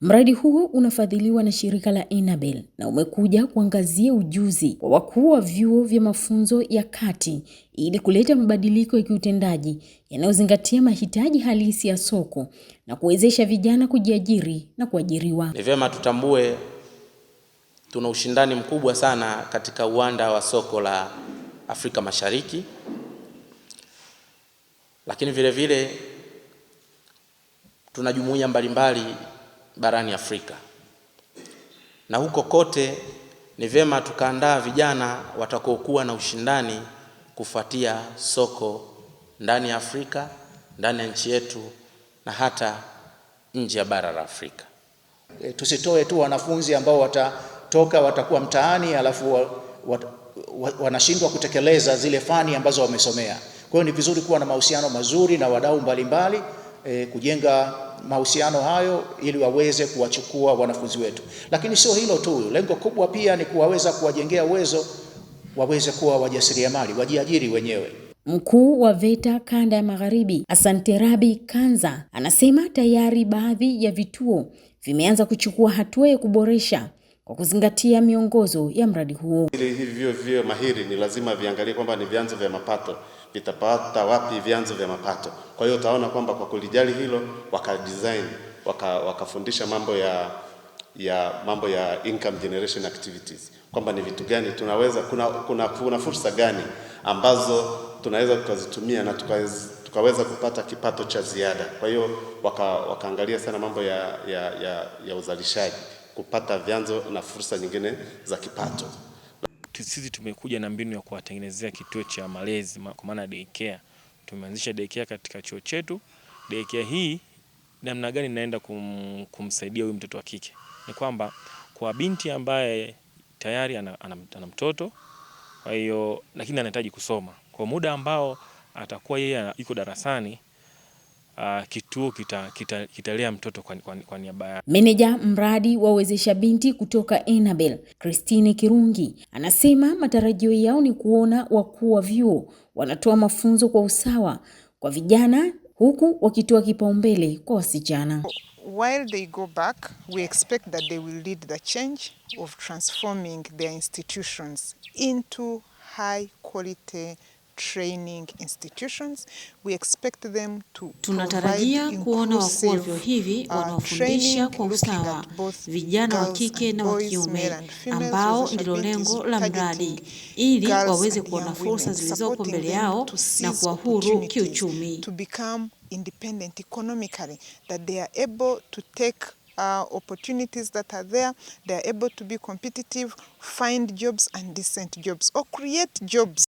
Mradi huu unafadhiliwa na shirika la Enabel na umekuja kuangazia ujuzi wa wakuu wa vyuo vya mafunzo ya kati ili kuleta mabadiliko ya kiutendaji yanayozingatia mahitaji halisi ya soko na kuwezesha vijana kujiajiri na kuajiriwa. Ni vyema tutambue tuna ushindani mkubwa sana katika uwanda wa soko la Afrika Mashariki, lakini vile vile tuna jumuiya mbalimbali barani Afrika, na huko kote ni vyema tukaandaa vijana watakaokuwa na ushindani kufuatia soko ndani ya Afrika, ndani ya nchi yetu na hata nje ya bara la Afrika. E, tusitoe tu wanafunzi ambao watatoka watakuwa mtaani alafu wa, wa, wa, wanashindwa kutekeleza zile fani ambazo wamesomea. Kwa hiyo ni vizuri kuwa na mahusiano mazuri na wadau mbalimbali e, kujenga mahusiano hayo ili waweze kuwachukua wanafunzi wetu. Lakini sio hilo tu, lengo kubwa pia ni kuwaweza kuwajengea uwezo waweze kuwa wajasiriamali, wajiajiri wenyewe. Mkuu wa VETA kanda ya Magharibi, Asante Rabi Kanza, anasema tayari baadhi ya vituo vimeanza kuchukua hatua ya kuboresha kwa kuzingatia miongozo ya mradi huo. hivyo vyo mahiri ni lazima viangalie kwamba ni vyanzo vya mapato vitapata wapi vyanzo vya mapato. Kwa hiyo utaona kwamba kwa kulijali hilo waka design wakafundisha waka mambo ya ya mambo ya income generation activities kwamba ni vitu gani tunaweza kuna, kuna, kuna fursa gani ambazo tunaweza tukazitumia na tukaweza, tukaweza kupata kipato cha ziada. Kwa hiyo waka, wakaangalia sana mambo ya, ya, ya, ya uzalishaji kupata vyanzo na fursa nyingine za kipato sisi tumekuja na mbinu ya kuwatengenezea kituo cha malezi kwa maana daycare. Tumeanzisha daycare katika chuo chetu. Daycare hii namna gani inaenda kum, kumsaidia huyu mtoto wa kike ni kwamba kwa binti ambaye tayari ana, ana, ana mtoto kwa hiyo, lakini anahitaji kusoma kwa muda ambao atakuwa yeye yuko darasani uh, kituo kitalea kita, kita mtoto kwa, kwa, kwa niaba yake. Meneja mradi wa Wezesha Binti kutoka Enabel, Christine Kirungi, anasema matarajio yao ni kuona wakuu wa vyuo wanatoa mafunzo kwa usawa kwa vijana huku wakitoa kipaumbele kwa wasichana. While they go back, we expect that they will lead the change of transforming their institutions into high quality training institutions. We expect them to tunatarajia kuona wakuu wa vyuo hivi uh, wanaofundisha kwa usawa vijana wa kike na wa kiume, ambao ndilo lengo la mradi, ili waweze kuona fursa zilizoko mbele yao na kuwa huru kiuchumi. to become Independent economically that they are able to take uh, opportunities that are there they are able to be competitive find jobs and decent jobs or create jobs